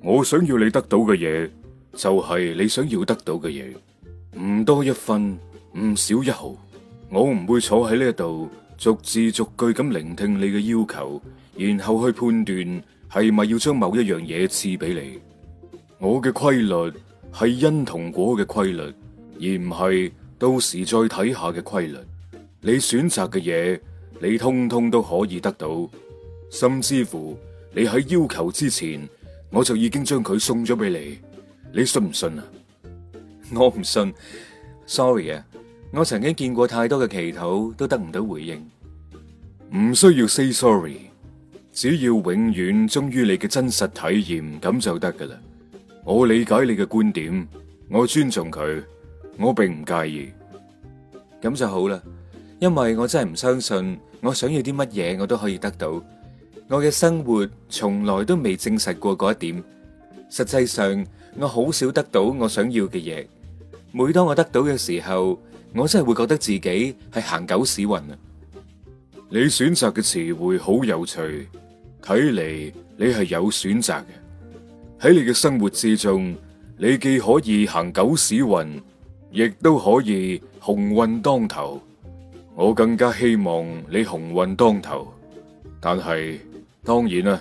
我想要你得到嘅嘢，就係你想要得到嘅嘢，唔多一分，唔少一毫。我唔會坐喺呢一度，逐字逐句咁聆聽你嘅要求，然後去判斷係咪要將某一樣嘢賜俾你。我嘅規律係因同果嘅規律，而唔係到時再睇下嘅規律。你選擇嘅嘢，你通通都可以得到，甚至乎你喺要求之前，我就已經將佢送咗俾你，你信唔信啊？我唔信，sorry 啊！我曾經見過太多嘅祈禱都得唔到回應，唔需要 say sorry，只要永遠忠於你嘅真實體驗，咁就得噶啦。我理解你嘅觀點，我尊重佢，我並唔介意，咁就好啦。因為我真係唔相信，我想要啲乜嘢，我都可以得到。我嘅生活從來都未證實過嗰一點。實際上，我好少得到我想要嘅嘢。每當我得到嘅時候，我真係會覺得自己係行狗屎運啊！你選擇嘅詞彙好有趣，睇嚟你係有選擇嘅。喺你嘅生活之中，你既可以行狗屎運，亦都可以鴻運當頭。我更加希望你鴻運當頭，但係……當然啦，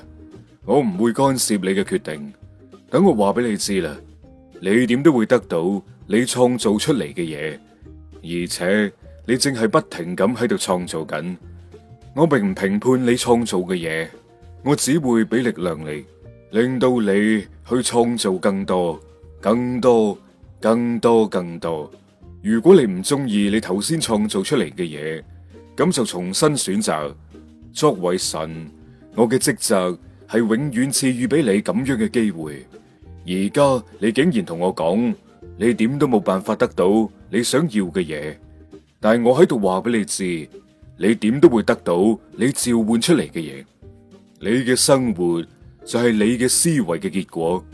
我唔會干涉你嘅決定。等我話俾你知啦，你點都會得到你創造出嚟嘅嘢，而且你正係不停咁喺度創造緊。我並唔評判你創造嘅嘢，我只會俾力量你，令到你去創造更多、更多、更多、更多。如果你唔中意你頭先創造出嚟嘅嘢，咁就重新選擇。作為神。我嘅職責係永遠賜予俾你咁樣嘅機會，而家你竟然同我講你點都冇辦法得到你想要嘅嘢，但係我喺度話俾你知，你點都會得到你召喚出嚟嘅嘢。你嘅生活就係你嘅思維嘅結果，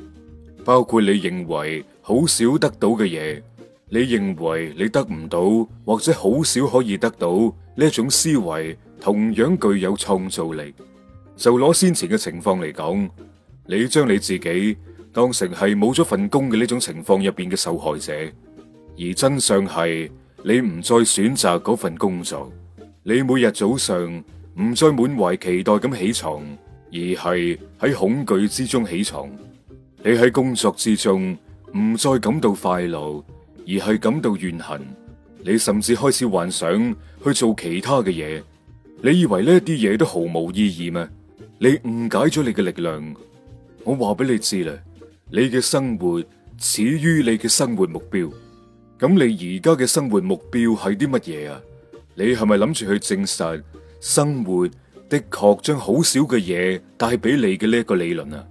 包括你認為好少得到嘅嘢，你認為你得唔到或者好少可以得到呢一種思維，同樣具有創造力。就攞先前嘅情況嚟講，你將你自己當成係冇咗份工嘅呢種情況入邊嘅受害者，而真相係你唔再選擇嗰份工作，你每日早上唔再滿懷期待咁起床，而係喺恐懼之中起床。你喺工作之中唔再感到快樂，而係感到怨恨。你甚至開始幻想去做其他嘅嘢。你以為呢啲嘢都毫無意義咩？你誤解咗你嘅力量，我話俾你知啦。你嘅生活始於你嘅生活目標，咁你而家嘅生活目標係啲乜嘢啊？你係咪諗住去證實生活的確將好少嘅嘢帶俾你嘅呢一個理論啊？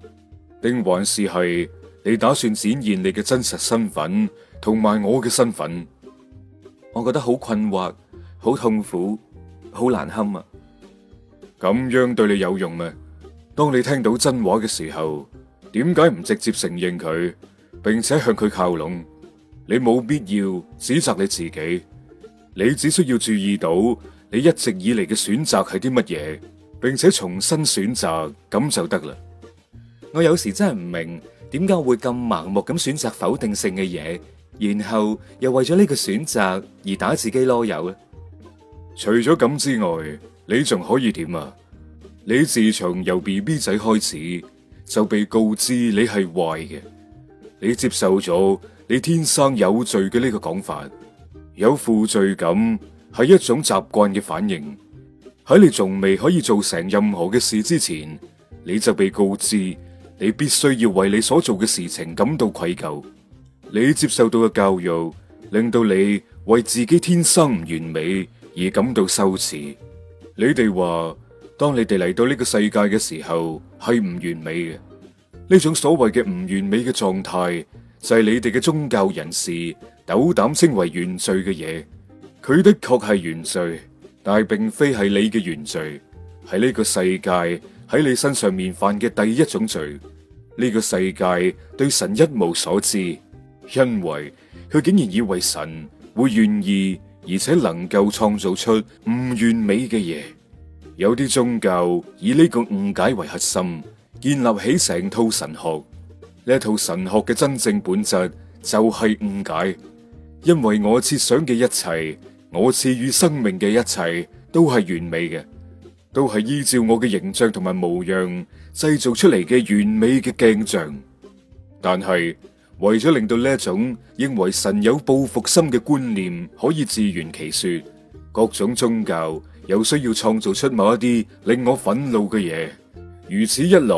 定還是係你打算展現你嘅真實身份同埋我嘅身份？我覺得好困惑，好痛苦，好難堪啊！咁樣對你有用咩？當你聽到真話嘅時候，點解唔直接承認佢，並且向佢靠攏？你冇必要指責你自己，你只需要注意到你一直以嚟嘅選擇係啲乜嘢，並且重新選擇咁就得啦。我有時真係唔明，點解我會咁盲目咁選擇否定性嘅嘢，然後又為咗呢個選擇而打自己囉柚咧？除咗咁之外。你仲可以點啊？你自從由 BB 仔開始，就被告知你係壞嘅，你接受咗你天生有罪嘅呢個講法，有負罪感係一種習慣嘅反應。喺你仲未可以做成任何嘅事之前，你就被告知你必須要為你所做嘅事情感到愧疚。你接受到嘅教育令到你為自己天生唔完美而感到羞恥。你哋話，當你哋嚟到呢個世界嘅時候，係唔完美嘅。呢種所謂嘅唔完美嘅狀態，就係你哋嘅宗教人士鬥膽稱為原罪嘅嘢。佢的確係原罪，但係並非係你嘅原罪，係呢個世界喺你身上面犯嘅第一種罪。呢個世界對神一無所知，因為佢竟然以為神會願意，而且能夠創造出唔完美嘅嘢。有啲宗教以呢個誤解為核心，建立起成套神學。呢套神學嘅真正本質就係誤解，因為我設想嘅一切，我賜予生命嘅一切都係完美嘅，都係依照我嘅形象同埋模樣製造出嚟嘅完美嘅鏡像。但係，為咗令到呢一種認為神有報復心嘅觀念可以自圓其說，各種宗教有需要創造出某一啲令我憤怒嘅嘢。如此一來，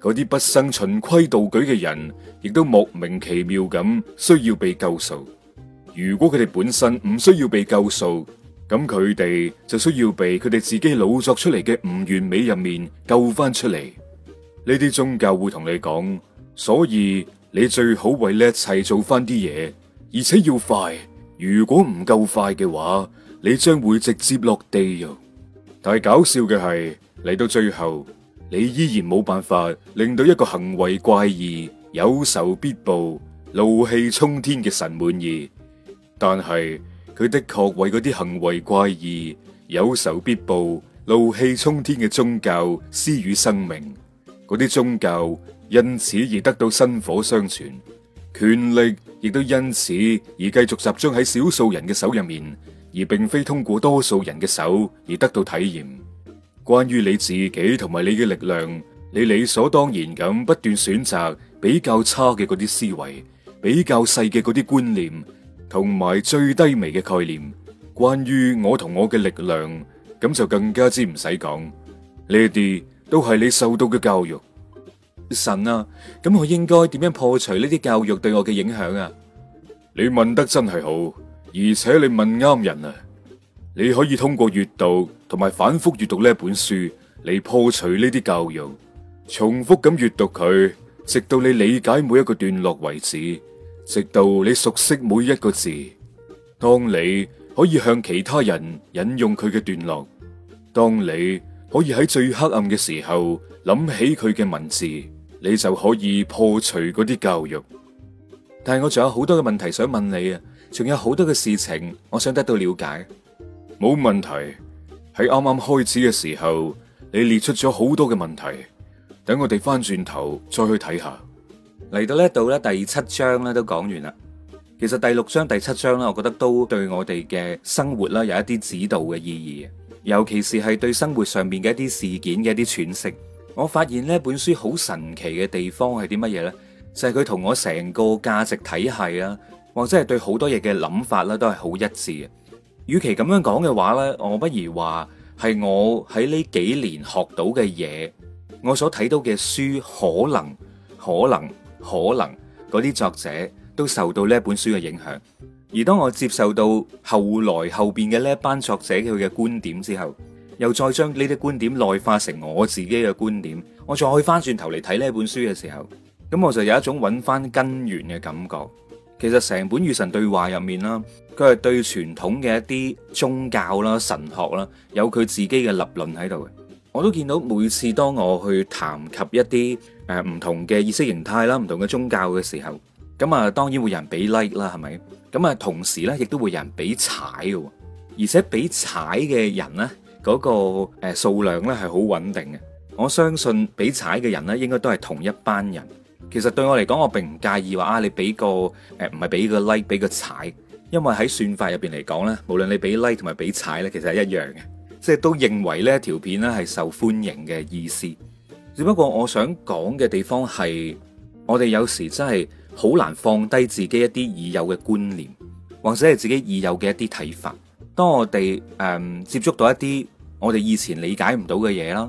嗰啲不生循規蹈矩嘅人，亦都莫名其妙咁需要被救贖。如果佢哋本身唔需要被救贖，咁佢哋就需要被佢哋自己老作出嚟嘅唔完美入面救翻出嚟。呢啲宗教會同你講，所以。你最好為呢一切做翻啲嘢，而且要快。如果唔夠快嘅話，你將會直接落地獄。但係搞笑嘅係嚟到最後，你依然冇辦法令到一個行為怪異、有仇必報、怒氣沖天嘅神滿意。但係佢的確為嗰啲行為怪異、有仇必報、怒氣沖天嘅宗教施予生命。嗰啲宗教，因此而得到薪火相傳，權力亦都因此而繼續集中喺少數人嘅手入面，而並非通過多數人嘅手而得到體驗。關於你自己同埋你嘅力量，你理所當然咁不斷選擇比較差嘅嗰啲思維、比較細嘅嗰啲觀念同埋最低微嘅概念。關於我同我嘅力量，咁就更加之唔使講，呢一啲都係你受到嘅教育。神啊，咁我應該點樣破除呢啲教育對我嘅影響啊？你問得真係好，而且你問啱人啊！你可以通過閱讀同埋反復閱讀呢本書嚟破除呢啲教育，重複咁閱讀佢，直到你理解每一個段落為止，直到你熟悉每一個字。當你可以向其他人引用佢嘅段落，當你可以喺最黑暗嘅時候諗起佢嘅文字。你就可以破除嗰啲教育，但係我仲有好多嘅問題想問你啊，仲有好多嘅事情我想得到了解。冇問題。喺啱啱開始嘅時候，你列出咗好多嘅問題，等我哋翻轉頭再去睇下。嚟到呢度咧，第七章咧都講完啦。其實第六章、第七章啦，我覺得都對我哋嘅生活啦有一啲指導嘅意義，尤其是係對生活上面嘅一啲事件嘅一啲詮釋。我發現呢本書好神奇嘅地方係啲乜嘢呢？就係佢同我成個價值體系啊，或者係對好多嘢嘅諗法啦，都係好一致嘅。與其咁樣講嘅話呢，我不如話係我喺呢幾年學到嘅嘢，我所睇到嘅書可能可能可能嗰啲作者都受到呢本書嘅影響。而當我接受到後來後邊嘅呢一班作者佢嘅觀點之後。又再將呢啲觀點內化成我自己嘅觀點，我再翻轉頭嚟睇呢本書嘅時候，咁我就有一種揾翻根源嘅感覺。其實成本與神對話入面啦，佢係對傳統嘅一啲宗教啦、神學啦，有佢自己嘅立論喺度嘅。我都見到每次當我去談及一啲誒唔同嘅意識形態啦、唔同嘅宗教嘅時候，咁啊，當然會有人俾 like 啦，係咪？咁啊，同時呢亦都會有人俾踩嘅，而且俾踩嘅人呢。嗰、那個誒、呃、數量咧係好穩定嘅，我相信俾踩嘅人咧應該都係同一班人。其實對我嚟講，我並唔介意話啊，你俾個誒唔係俾個 like，俾個踩，因為喺算法入邊嚟講咧，無論你俾 like 同埋俾踩咧，其實係一樣嘅，即係都認為呢條片咧係受歡迎嘅意思。只不過我想講嘅地方係，我哋有時真係好難放低自己一啲已有嘅觀念，或者係自己已有嘅一啲睇法。當我哋誒、嗯、接觸到一啲我哋以前理解唔到嘅嘢啦，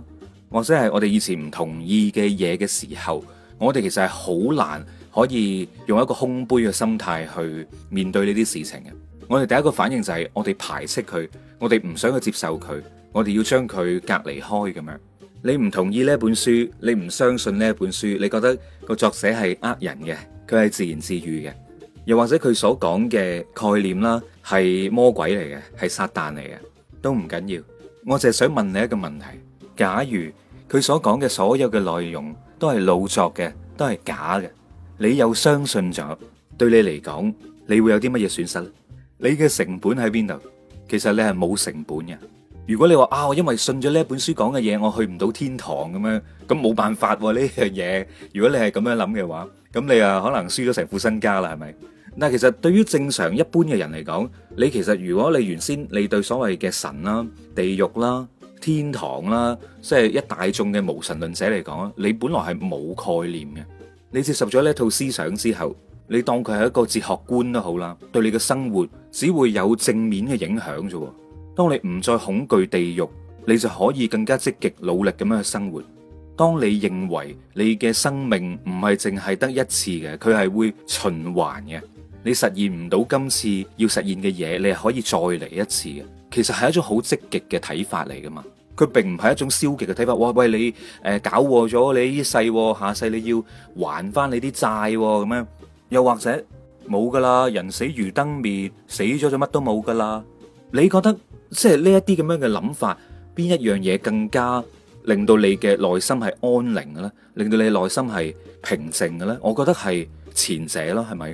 或者係我哋以前唔同意嘅嘢嘅時候，我哋其實係好難可以用一個空杯嘅心態去面對呢啲事情嘅。我哋第一個反應就係我哋排斥佢，我哋唔想去接受佢，我哋要將佢隔離開咁樣。你唔同意呢本書，你唔相信呢本書，你覺得個作者係呃人嘅，佢係自言自語嘅，又或者佢所講嘅概念啦係魔鬼嚟嘅，係撒旦嚟嘅，都唔緊要。我就係想問你一個問題，假如佢所講嘅所有嘅內容都係老作嘅，都係假嘅，你又相信咗，對你嚟講，你會有啲乜嘢損失？你嘅成本喺邊度？其實你係冇成本嘅。如果你話啊，我因為信咗呢一本書講嘅嘢，我去唔到天堂咁樣，咁冇辦法呢樣嘢。如果你係咁樣諗嘅話，咁你啊可能輸咗成副身家啦，係咪？但其實對於正常一般嘅人嚟講，你其實如果你原先你對所謂嘅神啦、地獄啦、天堂啦，即係一大眾嘅無神論者嚟講啊，你本來係冇概念嘅。你接受咗呢套思想之後，你當佢係一個哲學觀都好啦，對你嘅生活只會有正面嘅影響啫。當你唔再恐懼地獄，你就可以更加積極努力咁樣去生活。當你認為你嘅生命唔係淨係得一次嘅，佢係會循環嘅。你實現唔到今次要實現嘅嘢，你係可以再嚟一次嘅，其實係一種好積極嘅睇法嚟噶嘛，佢並唔係一種消極嘅睇法。哇喂，你誒搞禍咗你呢世下世，你要還翻你啲債咁樣，又或者冇噶啦，人死如燈滅，死咗就乜都冇噶啦。你覺得即係呢一啲咁樣嘅諗法，邊一樣嘢更加令到你嘅內心係安寧嘅咧？令到你嘅內心係平靜嘅咧？我覺得係前者囉，係咪？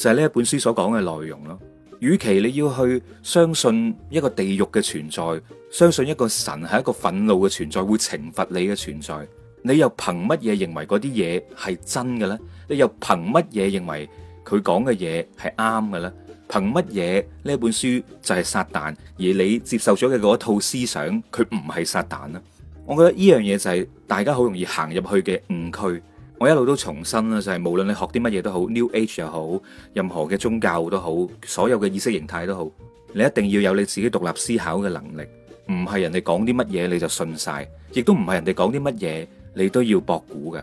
就係呢一本書所講嘅內容咯。與其你要去相信一個地獄嘅存在，相信一個神係一個憤怒嘅存在，會懲罰你嘅存在，你又憑乜嘢認為嗰啲嘢係真嘅咧？你又憑乜嘢認為佢講嘅嘢係啱嘅咧？憑乜嘢呢本書就係撒旦，而你接受咗嘅嗰套思想，佢唔係撒旦呢？我覺得呢樣嘢就係大家好容易行入去嘅誤區。我一路都重申啦，就係無論你學啲乜嘢都好，New Age 又好，任何嘅宗教都好，所有嘅意識形態都好，你一定要有你自己獨立思考嘅能力，唔係人哋講啲乜嘢你就信晒，亦都唔係人哋講啲乜嘢你都要博古嘅。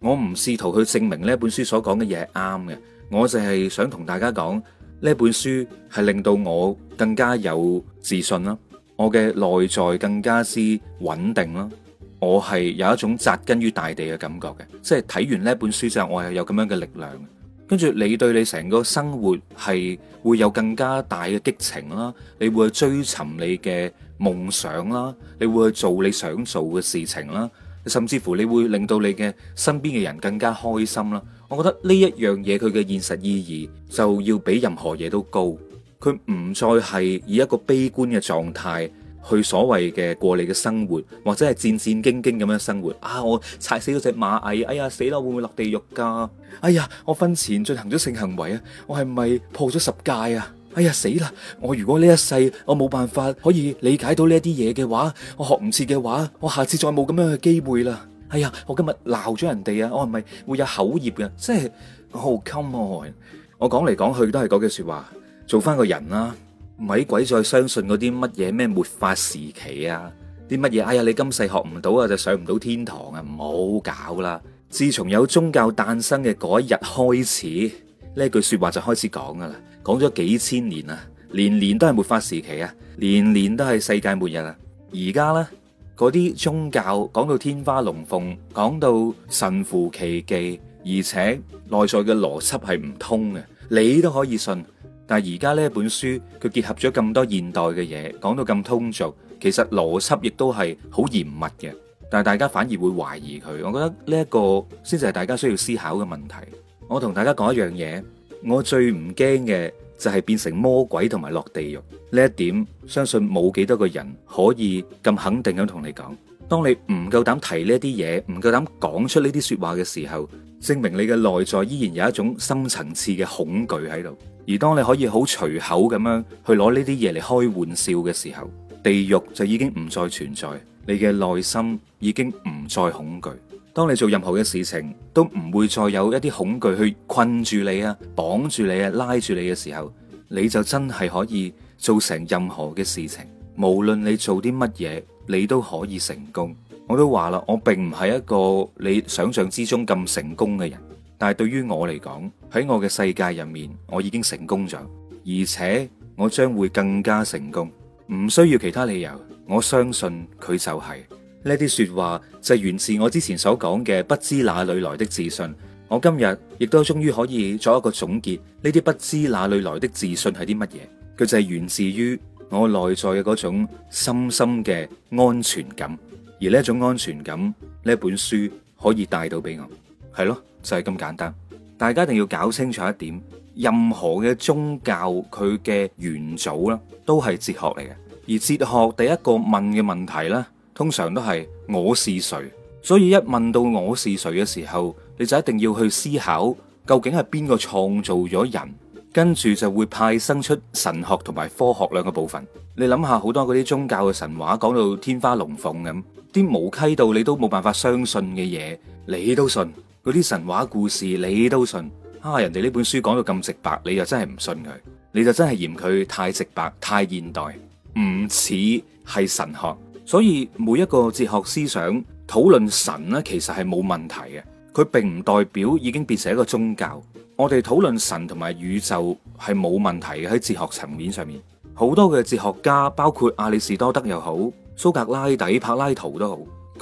我唔試圖去證明呢一本書所講嘅嘢係啱嘅，我就係想同大家講，呢一本書係令到我更加有自信啦，我嘅內在更加之穩定啦。我係有一種紮根於大地嘅感覺嘅，即係睇完呢本書之後，我係有咁樣嘅力量。跟住你對你成個生活係會有更加大嘅激情啦，你會去追尋你嘅夢想啦，你會去做你想做嘅事情啦，甚至乎你會令到你嘅身邊嘅人更加開心啦。我覺得呢一樣嘢，佢嘅現實意義就要比任何嘢都高，佢唔再係以一個悲觀嘅狀態。去所謂嘅過你嘅生活，或者係戰戰兢兢咁樣生活。啊！我踩死咗隻螞蟻，哎呀死啦！會唔會落地獄㗎？哎呀！我婚前進行咗性行為啊，我係咪破咗十戒啊？哎呀死啦！我如果呢一世我冇辦法可以理解到呢一啲嘢嘅話，我學唔切嘅話，我下次再冇咁樣嘅機會啦。哎呀！我今日鬧咗人哋啊，我係咪會有口業啊？即係好 come on 喎！我講嚟講去都係嗰句説話，做返個人啦。咪鬼再相信嗰啲乜嘢咩末法時期啊，啲乜嘢哎呀你今世學唔到啊就上唔到天堂啊，唔好搞啦！自從有宗教誕生嘅嗰一日開始，呢句說話就開始講噶啦，講咗幾千年啊，年年都係末法時期啊，年年都係世界末日啊！而家咧，嗰啲宗教講到天花龍鳳，講到神乎其技，而且內在嘅邏輯係唔通嘅，你都可以信。但係而家呢本書，佢結合咗咁多現代嘅嘢，講到咁通俗，其實邏輯亦都係好嚴密嘅，但係大家反而會懷疑佢。我覺得呢一個先至係大家需要思考嘅問題。我同大家講一樣嘢，我最唔驚嘅就係變成魔鬼同埋落地獄呢一點，相信冇幾多個人可以咁肯定咁同你講。當你唔夠膽提呢啲嘢，唔夠膽講出呢啲說話嘅時候。證明你嘅內在依然有一種深層次嘅恐懼喺度，而當你可以好隨口咁樣去攞呢啲嘢嚟開玩笑嘅時候，地獄就已經唔再存在，你嘅內心已經唔再恐懼。當你做任何嘅事情，都唔會再有一啲恐懼去困住你啊、綁住你啊、拉住你嘅時候，你就真係可以做成任何嘅事情。無論你做啲乜嘢，你都可以成功。我都話啦，我並唔係一個你想象之中咁成功嘅人，但係對於我嚟講，喺我嘅世界入面，我已經成功咗，而且我將會更加成功，唔需要其他理由。我相信佢就係。呢啲說話就源自我之前所講嘅不知哪裡來的自信。我今日亦都終於可以作一個總結，呢啲不知哪裡來的自信係啲乜嘢？佢就係源自於我內在嘅嗰種深深嘅安全感。而呢一種安全感，呢一本書可以帶到俾我，係咯，就係咁簡單。大家一定要搞清楚一點，任何嘅宗教佢嘅元祖啦，都係哲學嚟嘅。而哲學第一個問嘅問題呢，通常都係我是誰。所以一問到我是誰嘅時候，你就一定要去思考，究竟係邊個創造咗人？跟住就會派生出神學同埋科學兩個部分。你諗下，好多嗰啲宗教嘅神話講到天花龍鳳咁，啲無稽到你都冇辦法相信嘅嘢，你都信嗰啲神話故事，你都信。啊，人哋呢本書講到咁直白，你又真係唔信佢，你就真係嫌佢太直白、太現代，唔似係神學。所以每一個哲學思想討論神呢，啊，其實係冇問題嘅。佢並唔代表已經變成一個宗教。我哋討論神同埋宇宙係冇問題嘅，喺哲學層面上面，好多嘅哲學家，包括亞里士多德又好，蘇格拉底、柏拉圖都好，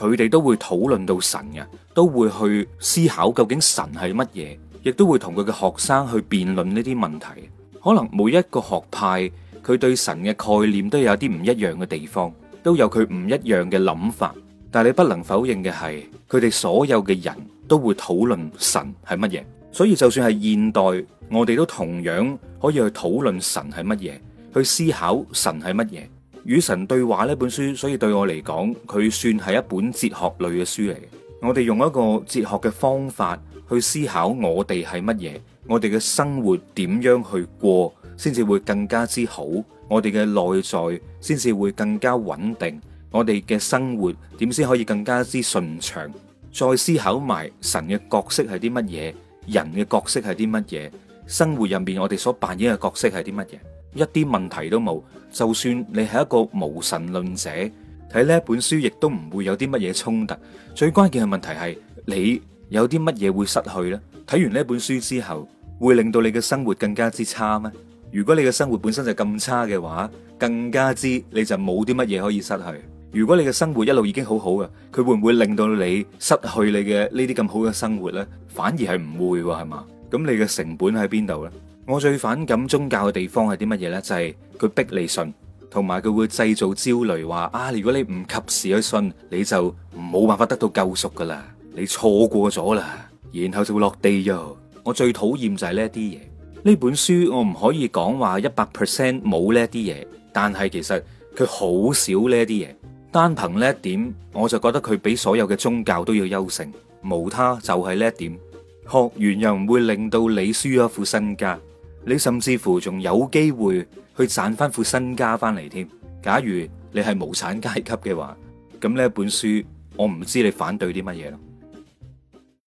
佢哋都會討論到神嘅，都會去思考究竟神係乜嘢，亦都會同佢嘅學生去辯論呢啲問題。可能每一個學派佢對神嘅概念都有啲唔一樣嘅地方，都有佢唔一樣嘅諗法。但係你不能否認嘅係，佢哋所有嘅人。都會討論神係乜嘢，所以就算係現代，我哋都同樣可以去討論神係乜嘢，去思考神係乜嘢。與神對話呢本書，所以對我嚟講，佢算係一本哲學類嘅書嚟嘅。我哋用一個哲學嘅方法去思考我哋係乜嘢，我哋嘅生活點樣去過，先至會更加之好，我哋嘅內在先至會更加穩定，我哋嘅生活點先可以更加之順暢。再思考埋神嘅角色係啲乜嘢，人嘅角色係啲乜嘢，生活入面我哋所扮演嘅角色係啲乜嘢，一啲問題都冇。就算你係一個無神論者，睇呢本書亦都唔會有啲乜嘢衝突。最關鍵嘅問題係，你有啲乜嘢會失去呢？睇完呢本書之後，會令到你嘅生活更加之差咩？如果你嘅生活本身就咁差嘅話，更加之你就冇啲乜嘢可以失去。如果你嘅生活一路已經好好嘅，佢會唔會令到你失去你嘅呢啲咁好嘅生活咧？反而係唔會，係嘛？咁你嘅成本喺邊度咧？我最反感宗教嘅地方係啲乜嘢咧？就係佢逼你信，同埋佢會製造焦慮，話啊，如果你唔及時去信，你就冇辦法得到救贖噶啦，你錯過咗啦，然後就會落地喲。單憑呢一點，我就覺得佢比所有嘅宗教都要優勝。無他，就係呢一點，學完又唔會令到你輸一副身家，你甚至乎仲有機會去賺翻副身家翻嚟添。假如你係無產階級嘅話，咁呢本書，我唔知你反對啲乜嘢咯。